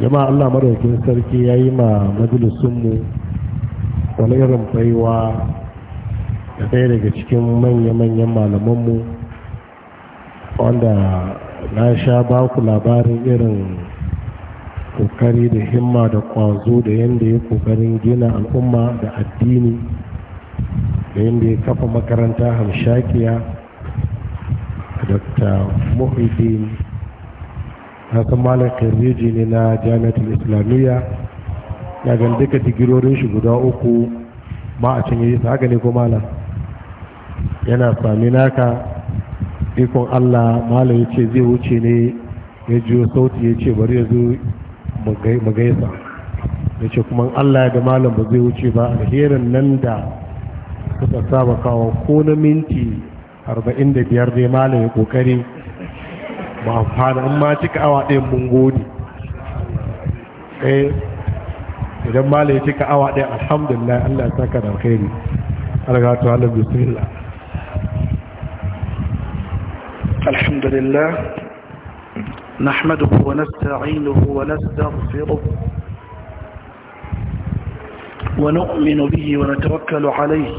jama'a Allah madaukin sarki ya yi ma majalisunmu wani irin baiwa da ɗaya daga cikin manya-manyan malamanmu wanda na sha ba labarin irin kokari da himma da kwazo da yadda ya kokarin gina al'umma da addini da yadda ya kafa makaranta hamshakiya da dr muhyiddin na san malam karbeji ne na jami'atul islamiyya ya gan duka digirorin shi guda uku ba a can yi haka ne ko malam yana sami naka ikon allah malam ya ce zai wuce ne ya ji sauti ya ce bari ya zo magaisa ya ce kuma allah ya da malam ba zai wuce ba alherin nan da suka saba kawo ko na minti 45 dai malam ya kokari ba fana an ma cika awa ɗayan mun gode eh idan mala ya cika awa ɗaya alhamdulillah Allah ya saka da alkhairi algatu Allah bismillah alhamdulillah نحمده ونستعينه ونستغفره ونؤمن به ونتوكل عليه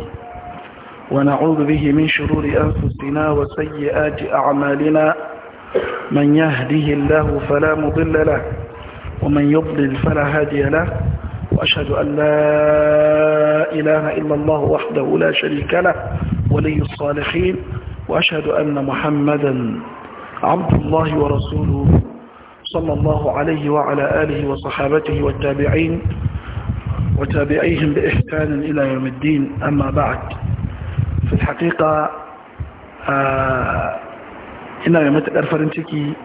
ونعوذ به من شرور أنفسنا وسيئات أعمالنا من يهده الله فلا مضل له ومن يضلل فلا هادي له وأشهد أن لا إله إلا الله وحده لا شريك له ولي الصالحين وأشهد أن محمدا عبد الله ورسوله صلى الله عليه وعلى آله وصحابته والتابعين وتابعيهم بإحسان إلى يوم الدين أما بعد في الحقيقة آه ina mai matuƙar farin ciki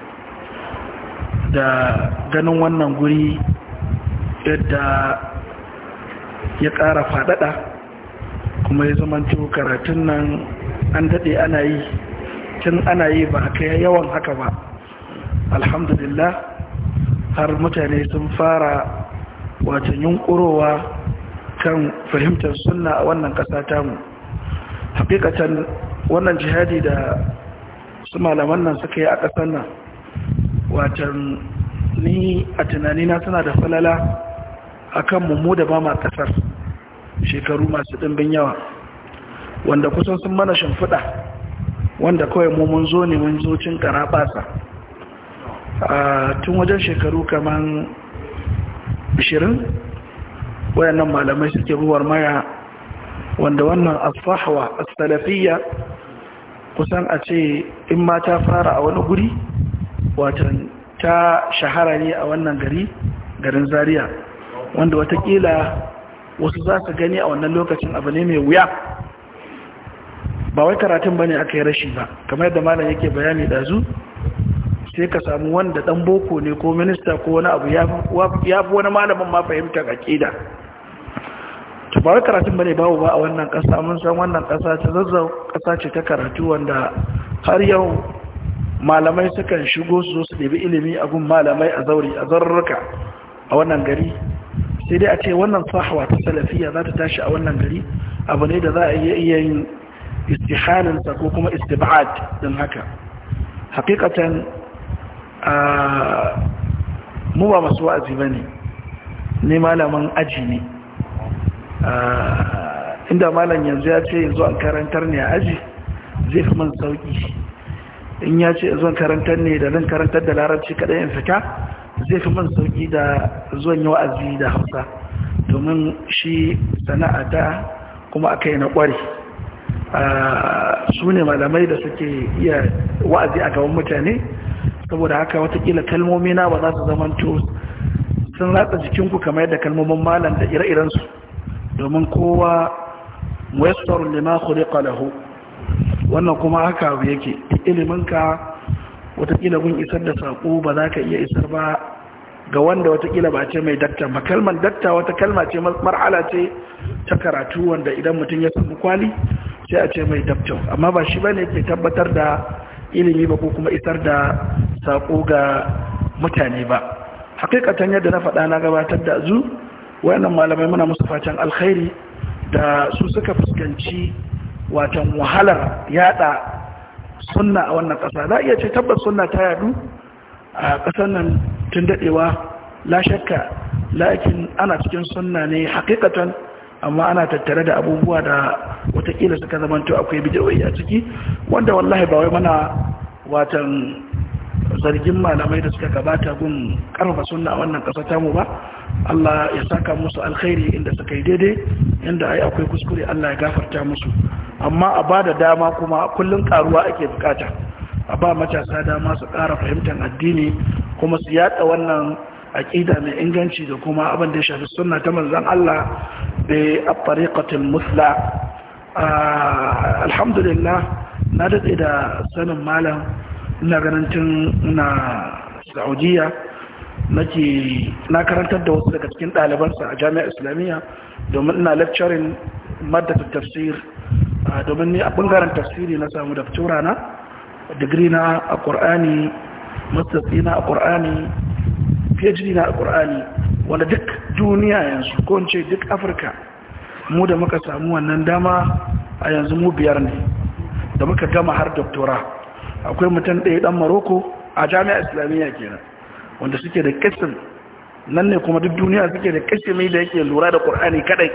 da ganin wannan guri yadda ya ƙara faɗaɗa kuma ya zamanto karatun nan an daɗe ana yi tun ana yi ba kai yawan haka ba alhamdulillah har mutane sun fara wata yunkurowa kan fahimtar suna a wannan ƙasa tamu hakikatan wannan jihadi da su malaman nan suka yi a ƙasar nan watan ni a na suna da falala akan mummu da ba ma ƙasar shekaru masu ɗimbin yawa wanda kusan sun mana shimfiɗa wanda kawai mun zo ne mun zo cin ɓasa a tun wajen shekaru kamar 20 wayannan malamai suke buwar maya wanda wannan asfahawa asalafiyya kusan a ce in ma ta fara a wani guri watan ta shahara ne a wannan gari garin Zariya, wanda watakila wasu za su gani a wannan lokacin abu ne mai wuya ba wai karatun ba ne aka yi rashi ba kamar yadda malam yake bayani zu sai ka samu wanda ɗan boko ne ko minista ko wani abu ya fi wani malamin ma fahimtar aƙida to ba karatun bane babu ba a wannan kasa mun san wannan kasa ta zazzau kasa ce ta karatu wanda har yau malamai sukan shigo su su ɗebi ilimi a gun malamai a zauri a zarurruka a wannan gari sai dai a ce wannan sahawa ta salafiya za ta tashi a wannan gari abu ne da za a iya yin istihaninsa ko kuma istibad din haka hakikatan mu ba masu wa'azi ba ne ne malaman aji ne Ah, inda malam yanzu ya ce yanzu an karantar ne a aji zai fi man sauki in ya ce zuwan karantar ne da nan karantar da larabci kaɗai in fita zai fi man sauki da zuwan yi wa'azi da hausa domin shi sana'a ta kuma aka yi na ƙware ah, su ne malamai da suke iya wa'azi a gaban mutane saboda haka watakila kalmomi na ba za su zamanto sun ratsa jikinku kamar yadda kalmomin malam da ire-irensu domin kowa muyassarun lima khuliqa lahu wannan kuma haka abu yake iliminka watakila gun isar da saƙo ba za ka iya isar ba ga wanda watakila ba ce mai datta, ba kalman datta wata kalma ce mar'ala ce ta karatu wanda idan mutum ya samu kwali sai a ce mai datta amma ba shi bane ke tabbatar da ilimi ba ko kuma isar da saƙo ga mutane ba hakikatan yadda na faɗa na gabatar da zu wayannan malamai muna musu fatan alkhairi da su suka fuskanci watan wahalar yada sunna a wannan kasa za iya ce tabbas sunna ta yadu a kasar nan tun dadewa la shakka lakin ana cikin sunna ne hakikatan amma ana tattare da abubuwa da watakila suka zamanto akwai bidiyoyi a ciki wanda wallahi ba wai mana watan zargin malamai da suka gabata gun karfa sunna a wannan kasa tamu ba Allah ya saka musu alkhairi inda suka yi daidai inda ai akwai kuskure Allah ya gafarta musu amma a bada dama kuma kullun karuwa ake bukata a ba matasa dama su ƙara fahimtar addini kuma su yada wannan aƙida mai inganci da kuma abin da ya shafi sunna ta manzon Allah bi at-tariqatil musla alhamdulillah na dade da sanin malam ina ganin tun na Saudiya nake na karantar da wasu daga cikin ɗalibansa a jami'ar islamiyya domin ina lecturing maddata tafsir domin ni a bangaren tafsiri na samu da fitura na digiri na a ƙur'ani mastasi na a ƙur'ani phd na a ƙur'ani wanda duk duniya yanzu ko ce duk afirka mu da muka samu wannan dama a yanzu mu biyar ne da muka gama har doktora akwai mutum ɗaya ɗan maroko a jami'ar islamiyya kenan wanda suke da kashin nan ne kuma duk duniya suke da kashimi da yake lura da ƙur'ani kadai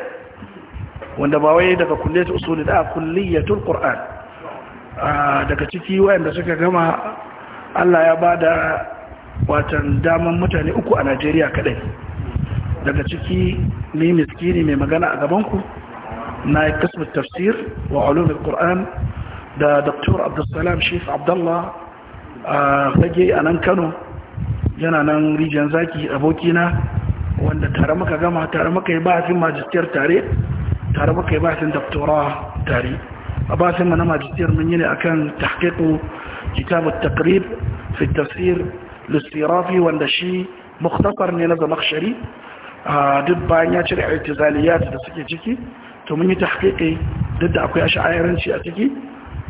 wanda ba wai daga kulliyatul usuli da kulliyatul qur'an daga ciki wayanda suka gama Allah ya bada watan daman mutane uku a Najeriya kadai daga ciki ne miskini mai magana a gabanku na yi tafsir wa ulumin ƙur'an da dr abdulsalam shif abdullah a fage a nan kano yana nan rijiyar zaki abokina wanda tare maka gama tare maka yi bahasin majistiyar tare tare maka yi bahasin daftora tare a bahasin mana majistiyar mun yi ne akan tahqiqu kitabu taqrib fi tafsir wanda shi muktasar ne na zamakshari a duk bayan ya cire itizaliyat da suke ciki to mun yi tahqiqi duk da akwai ash'airanci a ciki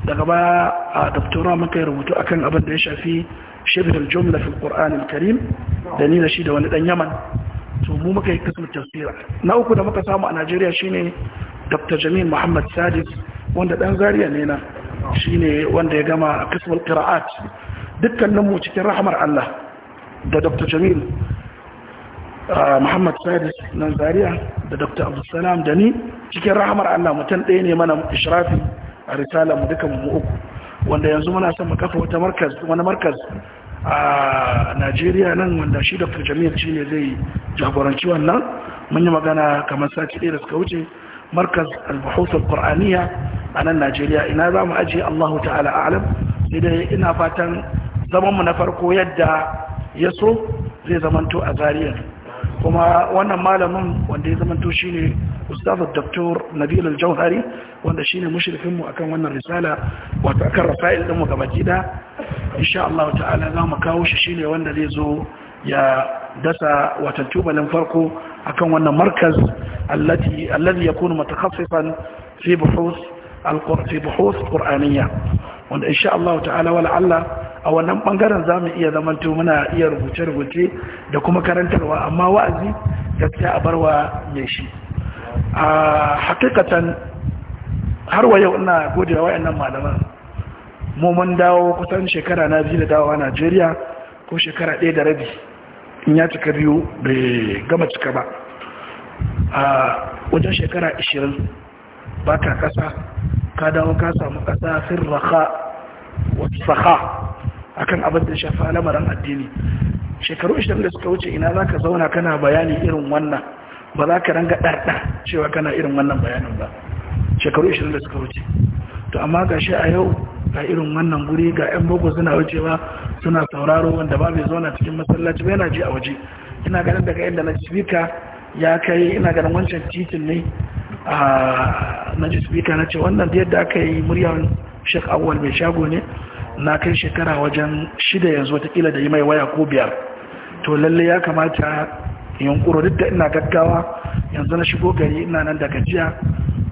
daga baya a daftora muka yi rubutu akan abin da ya shafi شبه الجملة في القرآن الكريم shi da wani ولدان yaman to mu muka yi kasar tafsira na uku da muka samu a najeriya shine dr jamil muhammad sadis wanda dan zariya ne na shine wanda ya gama a kasar kira'at dukkanin mu cikin rahamar allah da dr jamil muhammad sadis na zariya da dr abdulsalam da ni cikin rahamar allah mutum ɗaya ne mana ishrafi a risala mu dukkan mu uku wanda yanzu muna son mu kafa wata markaz wani markaz a Najeriya nan wanda shi Dr. Jamil shi ne zai jagoranci wannan mun yi magana kamar sati ɗaya da suka wuce markaz al-buhuth al a nan Najeriya ina za mu ajiye Allahu ta'ala a'lam sai dai ina fatan zaman mu na farko yadda ya so zai zamanto a zariya kuma wannan malamin wanda ya zamanto shine ustaz dr nabil al-jauhari wanda shine mushrikin mu akan wannan risala wato akan rasail din mu gabaki da insha Allah ta'ala za mu kawo shi shine wanda zai zo ya dasa wata tubalin farko akan wannan markaz allati alladhi yakunu mutakhassisan fi buhuth al-qur'an fi buhuth qur'aniyya wanda insha Allah ta'ala wala Allah a wannan bangaren za mu iya zamanto muna iya rubuce-rubuce da kuma karantarwa amma wa'azi gaskiya a barwa mai shi a hakikatan har wa yau ina gode wa wayannan malaman mu mun dawo kusan shekara na biyu da dawowa Najeriya ko shekara ɗaya da rabi in ya cika biyu bai gama cika ba a wajen shekara 20 baka kasa ka dawo ka samu kasa raka wasu saha akan abin da shafa lamarin addini shekaru 20 da suka wuce ina za ka zauna kana bayani irin wannan ba za ka ranga ɗarɗa cewa kana irin wannan bayanin ba shekaru 20 da suka wuce to amma ga shi a yau ga irin wannan guri ga 'yan boko suna wucewa suna sauraro wanda ba mai zauna cikin masallaci ba yana ji a waje ina ganin daga yadda na spika ya kai ina ganin wancan titin ne a na ji na ce wannan da yadda aka yi muryar shek awwal mai shago ne na kai shekara wajen shida yanzu watakila da yi mai waya ko biyar to lalle ya kamata yunkuro duk da ina gaggawa yanzu na shigo gari ina nan da gajiya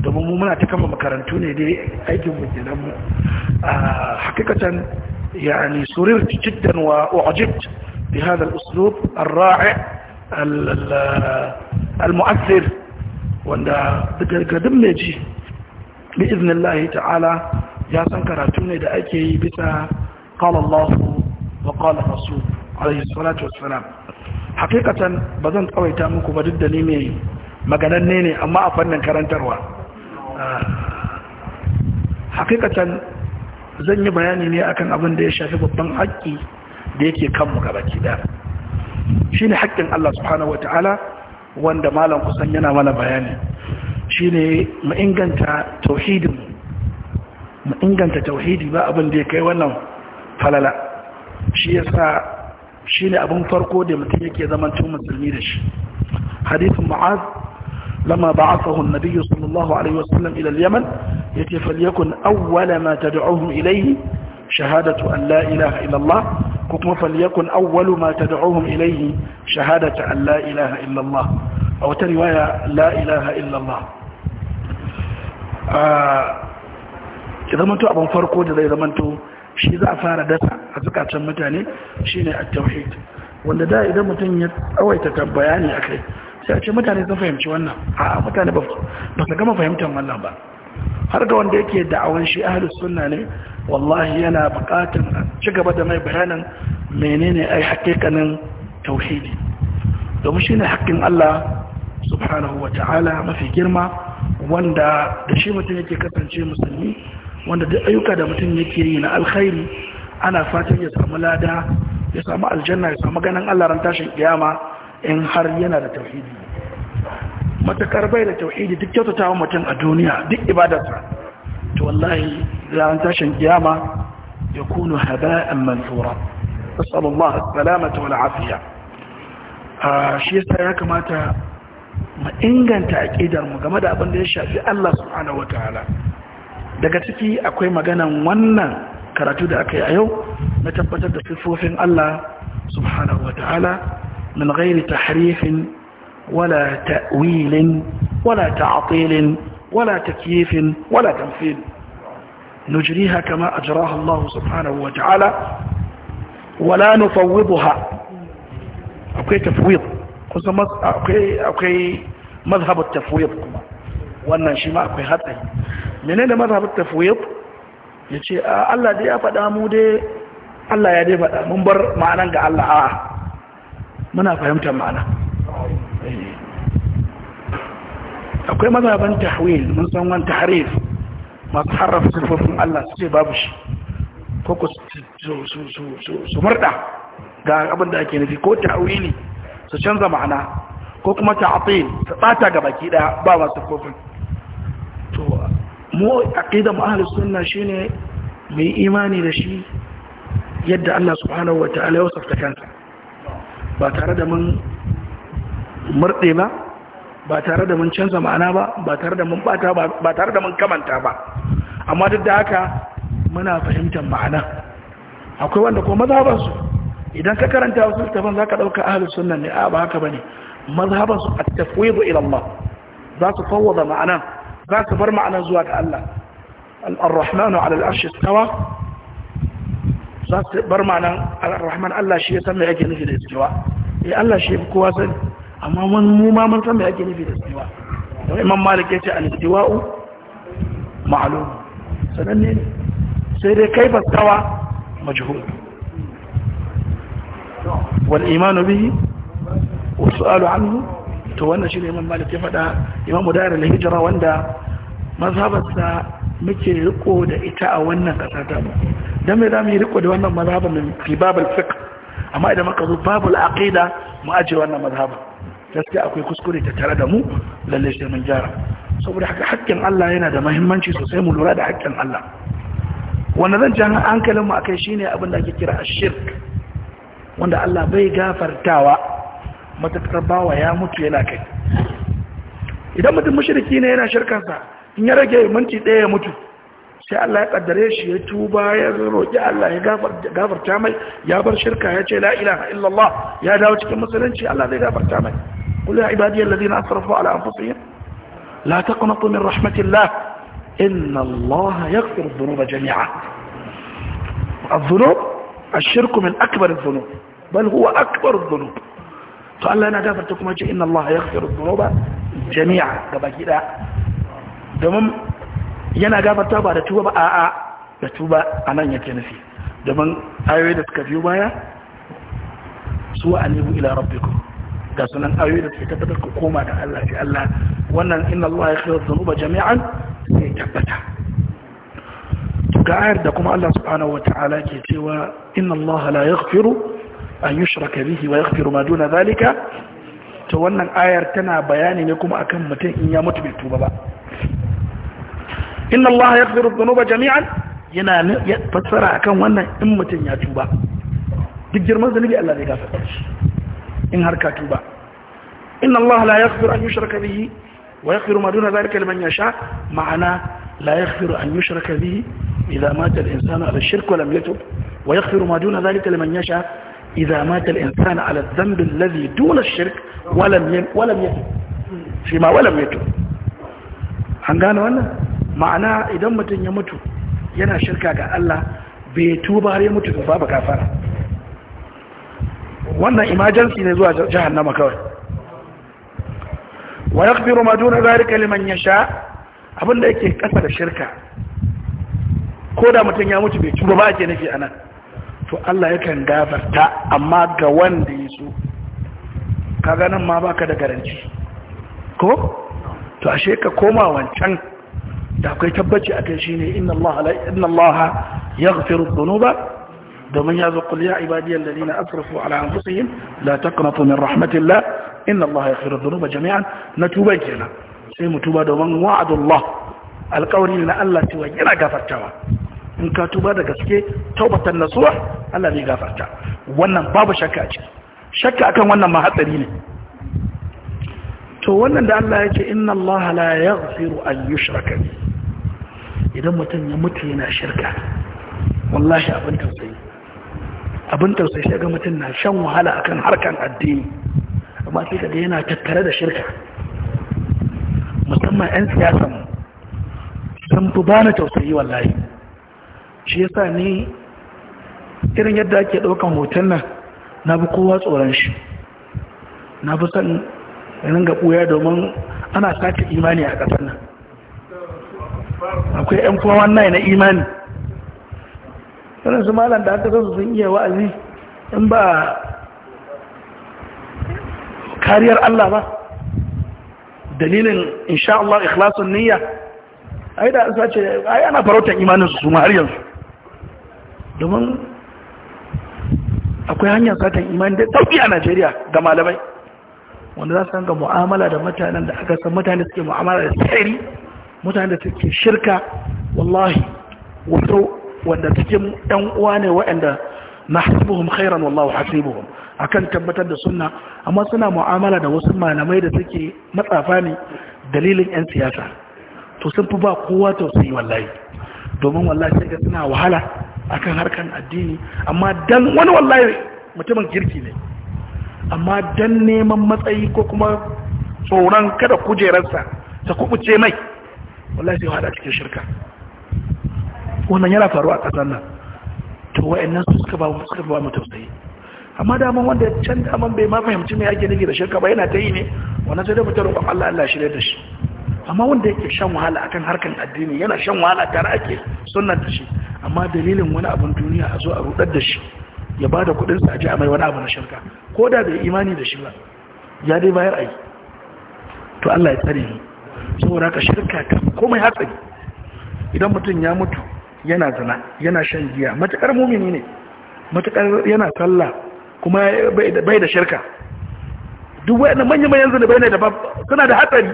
domin mu muna ta kama makarantu ne dai aikin mu mu a hakikatan yani surir jiddan wa u'jibt bi hada al-uslub ar-ra'i al wanda daga gadin mai ji bi iznillah ta'ala ya san karatu ne da ake yi bisa qala wa qala Rasul alayhi salatu salam. hakikatan ba zan tsawaita muku ba duk da ni mai magananne ne amma a fannin karantarwa hakikatan zan yi bayani ne akan abin da ya shafi babban haƙƙi da yake kanmu gaba ki da ne haƙƙin Allah subhanahu wanda malam kusan yana mana bayani shine mu inganta tauhidin mu inganta tauhidi ba abin da ya kai wannan falala shi yasa shine abin farko da mutum yake zaman tun musulmi da shi hadithin mu'az لما بعثه النبي صلى الله عليه وسلم إلى اليمن يتي فليكن أول ما تدعوهم إليه شهادة أن لا إله إلا الله كما فليكن أول ما تدعوهم إليه شهادة أن لا إله إلا الله أو ترواية لا إله إلا الله آه ki zamanto abin farko da zai zamanto shi za a fara dasa a zukatan mutane shine at wanda da idan mutum ya tsawaita tambaya ne sai a ce mutane sun fahimci wannan a mutane ba su gama fahimtar wannan ba har ga wanda yake da'awan shi ahlus sunna ne wallahi yana buƙatar a ci gaba da mai bayanin menene ai hakikanin tauhidi domin shine haƙƙin Allah subhanahu wa ta'ala mafi girma wanda da shi mutum yake kasance musulmi wanda duk ayyuka da mutum yake yi na alkhairi ana fatan ya samu lada ya samu aljanna ya samu ganin Allah ran tashin kiyama in har yana da tauhidi matakar bai da tauhidi duk kyautatawa mutum a duniya duk ibadarsa to wallahi ran tashin kiyama ya kunu haba'an mansura wasallam ta wal afiya shi yasa ya kamata mu inganta aqidar mu game da abin da ya shafi Allah subhanahu wataala daga ciki akwai maganan wannan karatu da aka yi a yau na tabbatar da sifofin Allah subhanahu wa ta'ala min ghairi tahrifin wala ta'wilin wala ta'tilin wala takyifin wala tamthil nujriha kama ajraha Allah subhanahu wa ta'ala wala nufawwidha akwai tafwid kusa akwai akwai madhhabu tafwid kuma wannan shi ma akwai hatsari menene mazhabin tafwid yace Allah dai ya faɗa mu dai Allah ya dai faɗa mun bar ma'anan ga Allah a muna fahimtar ma'ana akwai mazhaban tahwil mun san wani tahrif masu harrafa sifofin Allah su ce babu shi ko ku su murda ga abin da ake nufi ko ta'wili su canza ma'ana ko kuma ta'atil su bata ga baki daya ba masu sifofin mu aqidan ahlus sunna shine mu yi imani da shi yadda Allah subhanahu wata'ala ya wasafta kansa ba tare da mun murde ba ba tare da mun canza ma'ana ba ba tare da mun bata ba tare da mun kamanta ba amma duk da haka muna fahimtar ma'ana akwai wanda ko su, idan ka karanta wasu littafin zaka dauka ahlus sunna ne a ba haka bane mazhabansu at-tafwid ila Allah za su fawwada ma'ana za ka bar ma'ana zuwa ga Allah al-rahmanu ala al-arshi istawa za ka bar ma'anan al-rahman Allah shi ya san me yake nufi da istawa eh Allah shi kowa sani amma mun mu ma mun san me yake nufi da istawa to imam malik yace al-istiwa'u ma'lum sananne ne sai dai kaifa istawa majhul wal imanu bihi والسؤال عنه to wannan shine imam malik ya faɗa imam mudayar al-hijra wanda mazhabarsa muke riko da ita a wannan kasa ta mu dan me zamu yi riko da wannan mazhabar min fi babul fiqh amma idan muka zo babul aqida mu aje wannan mazhaba gaskiya akwai kuskure ta tare da mu lalle sai mun jara. saboda haka haƙƙin Allah yana da muhimmanci sosai mu lura da haƙƙin Allah wanda zan ji hankalin mu akai shine abin da ake kira shirk wanda Allah bai gafartawa matakar bawa ya mutu yana kai idan mutum mushriki ne yana shirkansa in ya rage minti ɗaya ya mutu sai Allah ya kaddare shi ya tuba ya roƙi Allah ya gafarta mai ya bar shirka ya ce la ilaha illallah ya dawo cikin musulunci Allah zai gafarta mai kullu ya ibadiyal alladhina asrafu ala anfusihim la taqnatu min rahmatillah inna Allah yaghfiru dhunuba jami'a الذنوب الشرك من أكبر الذنوب بل هو أكبر الذنوب to Allah yana gafarta kuma ce inna Allah ya gafiru zunuba jami'a ga baki ɗaya domin yana gafarta ba da tuba ba a'a da tuba a nan yake nufi domin ayoyi da suka biyu baya su wa anibu ila rabbikum ga sunan ayoyi da suka tabbatar ku koma da Allah ce Allah wannan inna Allah ya gafiru zunuba jami'an sai tabbata ga ayar da kuma Allah subhanahu wata'ala ke cewa inna Allah la yaghfiru أن يشرك به ويغفر ما دون ذلك تولن آير تنا بيان لكم أكم متين إن يموت بالتوبة إن الله يغفر الذنوب جميعا ينا فترى أكم وانا إن متين يتوبة بجر مزل بي الله ذي إن هركا توبة إن الله لا يغفر أن يشرك به ويغفر ما دون ذلك لمن يشاء معنا لا يغفر أن يشرك به إذا مات الإنسان على الشرك ولم يتب ويغفر ما دون ذلك لمن يشاء idza mata al-insan ala dhanbi alladhi duna ash-shirk walam yam walam yatub shi ma an gano wannan ma'ana idan mutum ya mutu yana shirka ga Allah bai tuba har ya mutu ba babu kafara wannan emergency ne zuwa jahannama kawai wa yaghfiru ma duna dhalika liman yasha abinda yake kasa da shirka ko da mutum ya mutu bai tuba ba ake nufi anan to Allah yakan gafarta amma ga wanda ya so ka ganin ma baka da garanci ko to ashe ka koma wancan da akwai tabbaci akan shine inna Allah inna Allah yaghfiru dhunuba domin ya zo kul ya ibadiyal asrafu ala anfusihim la taqnatu min rahmatillah inna Allah yaghfiru dhunuba jami'an na tuba kenan sai mu tuba domin wa'adullah alƙawari na Allah cewa yana gafartawa in ka tuba da gaske taubatan nasuwa Allah zai gafarta wannan babu shakka ce shakka akan wannan ma hatsari ne to wannan da Allah yake inna Allah la yaghfiru an yushraka bi idan mutum ya mutu yana shirka wallahi abin tausayi abin tausayi sai ga mutum na shan wahala akan harkan addini amma sai kaga yana tattare da shirka musamman 'yan siyasan sun fi bani tausayi wallahi shi yasa ni irin yadda ake ɗaukan hoton nan na bi kowa tsoron shi na fi son ga ɓuya domin ana sake imani a ƙasar nan akwai 'yan kowa wannan na imani su malam da aka zasu sun iya wa'azi in ba kariyar Allah ba dalilin insha Allah ikhlasun niyya ai da an sace ai ana farautar imanin su su har yanzu domin akwai hanyar satan imani da sauki a najeriya ga malamai wanda za su hanga mu'amala da mutanen da aka san mutane suke mu'amala da tsari mutane da suke shirka wallahi wato wanda suke yan uwa ne waɗanda na hasibuhum khairan wallahu hasibuhum akan tabbatar da sunna amma suna mu'amala da wasu malamai da suke matsafa ne dalilin yan siyasa to sun fi ba kowa tausayi wallahi domin wallahi sai ga suna wahala akan harkan addini amma dan wani wallahi mutumin kirki ne amma dan neman matsayi ko kuma tsoron kada kujerarsa ta kubuce mai wallahi sai hada cikin shirka wannan yana faruwa a ƙasar nan to wa'annan su suka ba suka ba mu tausayi amma daman wanda can daman bai ma fahimci me yake nufi da shirka ba yana ta yi ne wannan sai da mutum roƙon Allah Allah shi da shi amma wanda yake shan wahala akan harkan addini yana shan wahala tare ake sunnar shi amma dalilin wani abin duniya a zo a rudar da shi ya ba da kudin sa a mai wani abu na shirka ko da bai imani da shi ba ya dai bayar a yi. to Allah ya tsare ni saboda ka shirka ta komai hatsari idan mutum ya mutu yana zana, yana shan giya matakar mumini ne matakar yana sallah kuma bai da shirka duk wayannan manya-manyan bai ne da suna da hatsari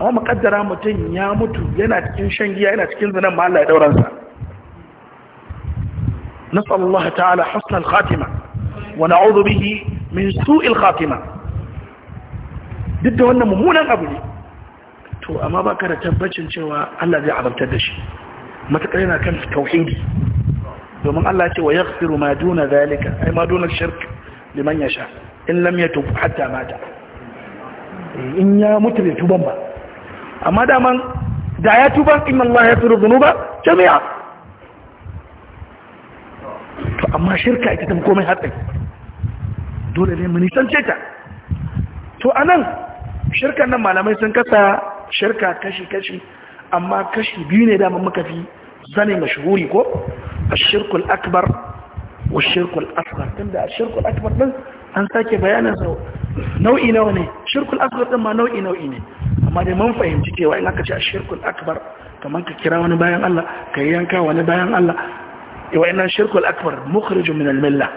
amma makaddara mutum ya mutu yana cikin shan giya yana cikin zinan ma Allah ya dauransa نسأل الله تعالى حسن الخاتمة ونعوذ به من سوء الخاتمة ضد وأن ممونا أبني تو أما بك رتبت أن شوى الله ذي عظم تدش ما تقرينا كان في التوحيد ومن ألا شوى ويغفر ما دون ذلك أي ما دون الشرك لمن يشاء إن لم يتوب حتى مات إن يا متر يتوب أما دام من دا يتوب إن الله يغفر الذنوب جميعا amma shirka ita tafi komai hatsari dole ne mu nisance ta to anan shirkan nan malamai sun kasa shirka kashi-kashi amma kashi biyu ne dama muka fi sani mashahuri ko a shirkul akbar wa shirkul asgar tunda a shirkul akbar din an sake bayanin sau nau'i nawa ne shirkul asgar din ma nau'i nau'i ne amma dai mun fahimci cewa in aka ce a shirkul akbar kamar ka kira wani bayan Allah ka yi yanka wani bayan Allah وإن الشرك الأكبر مخرج من الملة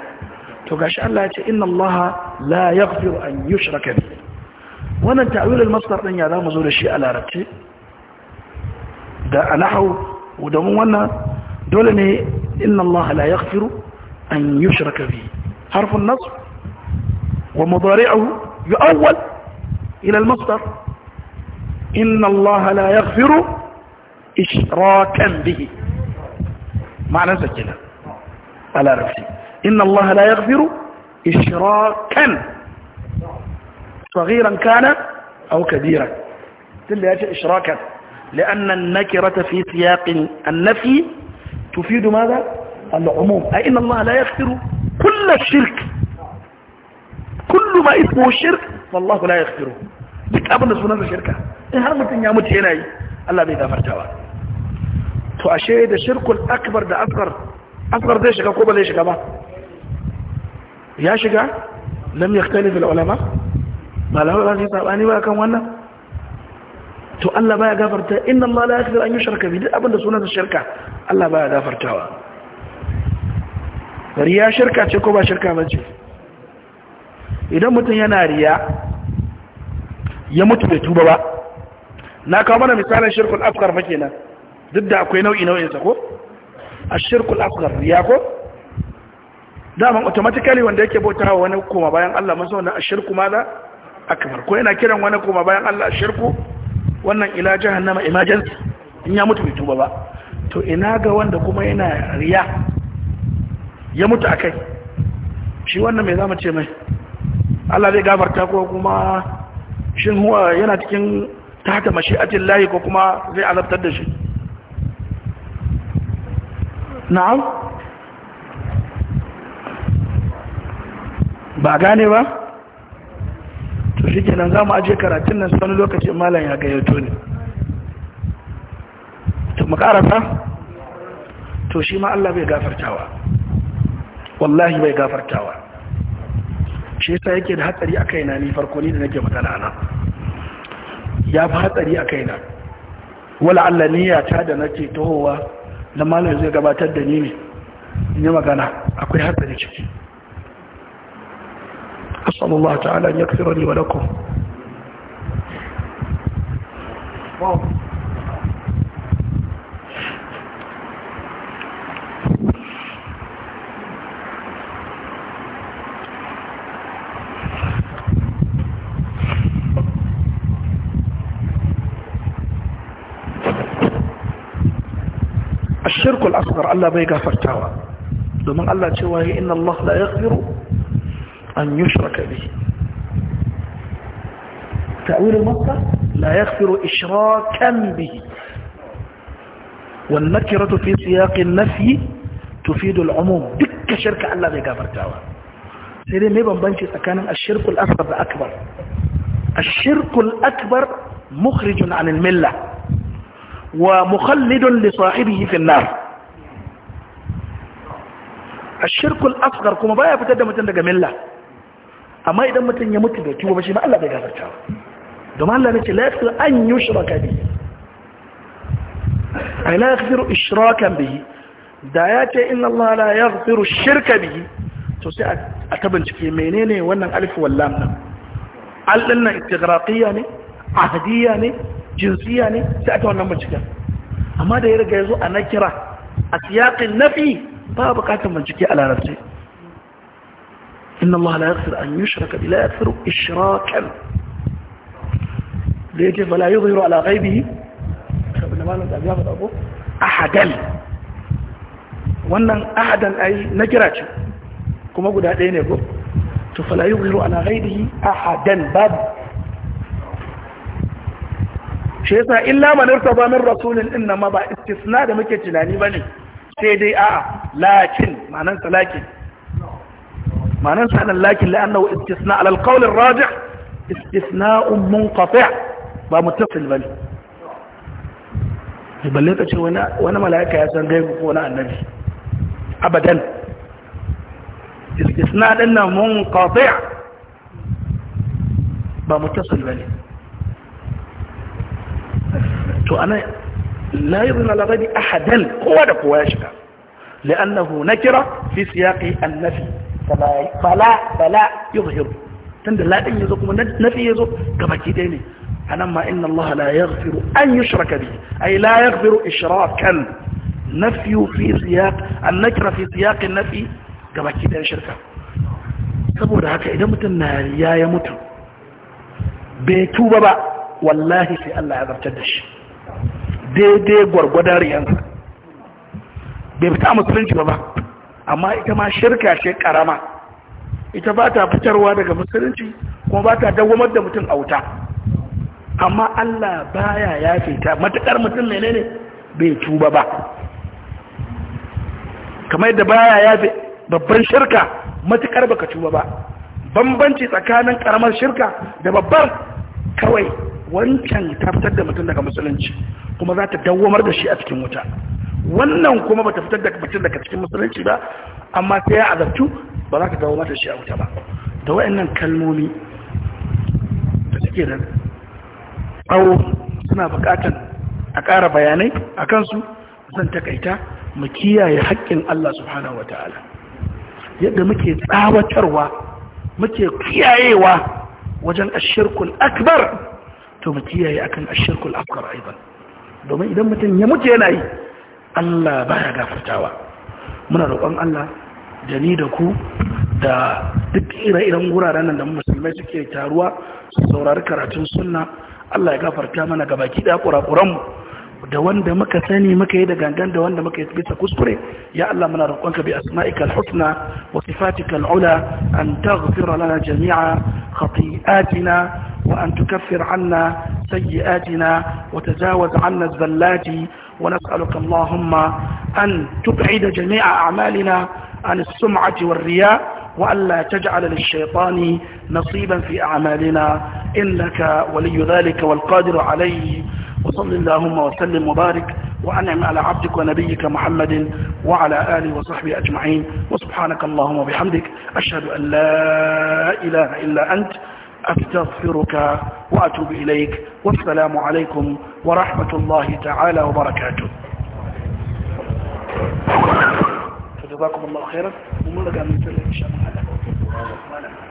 تقاش الله إن الله لا يغفر أن يشرك به وانا تأويل المصدر لن يدام زول الشيء على ربتي دا نحو ودمونا دولني إن الله لا يغفر أن يشرك به حرف النص ومضارعه يؤول إلى المصدر إن الله لا يغفر إشراكا به معنى سجلها على رفسي إن الله لا يغفر إشراكا صغيرا كان أو كبيرا تل يأتي إشراكا لأن النكرة في سياق النفي تفيد ماذا؟ العموم أي إن الله لا يغفر كل الشرك كل ما اسمه الشرك فالله لا يغفره لك أبنى سنة الشركة إن هرمت har mutum ya mutu yana to ashe da shirkul akbar da asgar asgar zai shiga ko ba zai shiga ba ya shiga lam yaktalif al ulama ba lahu ba sai sabani ba kan wannan to Allah baya gafarta inna Allah la yaghfiru an yushraka bi duk abinda sunan shirka Allah baya gafartawa riya shirka ce ko ba shirka ba ce idan mutum yana riya ya mutu bai tuba ba na kawo mana misalin shirkul afkar fa kenan duk da akwai nau'i nau'insa ko a shirkul asgar ya ko daman automatically wanda yake bauta wa wani koma bayan Allah mun sauna a shirku ma da akbar ko yana kiran wani koma bayan Allah a shirku wannan ila jahannama emergency in ya mutu bai tuba ba to ina ga wanda kuma yana riya ya mutu akai shi wannan mai zama ce mai Allah zai gafarta ko kuma shin huwa yana cikin tahta mashi'atin layi ko kuma zai alabtar da shi na'am ba gane ba to shi nan za mu aje karatun nan sani lokacin malam ya gayyato ne to mu karasa to shi ma Allah bai gafartawa wallahi bai gafartawa shi yasa yake da hatsari a kaina ni farko ni da nake magana nan ya fi hatsari a kaina wala Allah niyya ta da nake tohowa da malam zai gabatar da ni ne in yi magana akwai haka da ciki asalullah ta'ala ya kira ni الشرك ا ل أ ص غ ر الله بيغفر تاوى لمن الله تواه إ ن الله لا يغفر ان يشرك به تاويل أ المصدر لا يغفر اشراكا به والنكرة في سياق النفي تفيد العموم بك شرك الله بيغفر تاوى سيدي ميبا بنشي سكان الشرك الأكبر ل الشرك ا مخرج عن الملة ومخلد لصاحبه في النار a shirkul asgar kuma baya fitar da mutum daga milla amma idan mutum ya mutu da tuba ba shi ma Allah bai gafarta domin Allah ne ce la yaghfiru an yushraka bihi ay la yaghfiru ishrakan bihi da ya ce inna Allah la yaghfiru shirka bihi to sai a ta bincike menene wannan alif wal lam nan al din nan istighraqiyya ne ahdiyya ne jinsiya ne sai a ta wannan binciken amma da ya riga yazo a nakira a siyaqin nafi ba bukatar bincike a larabci inna Allah la yaghfir an yushraka bi la yaghfir ishrakan da yake fala yuzhiru ala ghaibihi sabana malam da ya faɗa ko ahadan wannan ahadan ai na kira ce kuma guda ɗaya ne ko to fala yuzhiru ala ghaibihi ahadan bab shi yasa illa man irtaba min rasulin inna ma ba istisna da muke tunani bane sai dai a'a lakin ma'anan sa lakin ma'anan nan lakin la'annahu istisna ala alqawl arrajih istisna'un munqati' ba muttasil bane balle ka ce wani mala'ika ya san gaibu ko wani annabi abadan istisna din nan munqati' ba muttasil bane to anan لا يظن على غير أحدا هو قوة يشكى لأنه نكر في سياق النفي فلا فلا, فلا يظهر تند لا إن يزق نفي يزق كما كيدين أنا ما إن الله لا يغفر أن يشرك به أي لا يغفر إشراكا نفي في سياق النكر في سياق النفي كما كيدين شركا saboda haka idan mutum na ya ya mutu bai tuba ba wallahi sai Allah ya zartar da shi daidai gwargwadon riyansa bai fita musulunci ba ba amma ita ma shirka ce karama ita ba ta fitarwa daga musulunci kuma ba ta dawamar da mutum a wuta amma Allah baya ya fita matakar mutum ne bai tuba ba kamar yadda baya ya fi babban shirka matakar baka tuba ba bambanci tsakanin karamar shirka da babbar kawai wancan ta fitar da mutum daga musulunci kuma za ta dawwamar da shi a cikin wuta wannan kuma bata fitar da mutum daga cikin musulunci ba amma sai ya azabtu ba za dawo dawwamar da shi a wuta ba da wayannan kalmomi da suke da tsawo suna buƙatar a ƙara bayanai a kansu zan takaita mu kiyaye haƙƙin Allah subhanahu wa ta'ala yadda muke tsawatarwa muke kiyayewa wajen ashirkul akbar to mu kiyaye akan ashirkul akbar aiban domin idan mutum ya mutu yana yi Allah baya gafartawa muna roƙon Allah da ni da ku da duk ire-iren wuraren nan da musulmai suke taruwa su saurari karatun sunna Allah ya gafarta mana ga baki da kurakuranmu da wanda muka sani muka yi da gangan da wanda muka yi bisa kuskure ya Allah muna ka bi asma'ika al-husna wa sifatika al-ula an taghfira lana jami'a khati'atina وأن تكفر عنا سيئاتنا وتجاوز عنا الزلات ونسألك اللهم أن تبعد جميع أعمالنا عن السمعة والرياء وأن لا تجعل للشيطان نصيبا في أعمالنا إنك ولي ذلك والقادر عليه وصل اللهم وسلم وبارك وأنعم على عبدك ونبيك محمد وعلى آله وصحبه أجمعين وسبحانك اللهم وبحمدك أشهد أن لا إله إلا أنت أستغفرك وأتوب إليك والسلام عليكم ورحمة الله تعالى وبركاته جزاكم الله خيرا ومن لقى من تلك إن شاء الله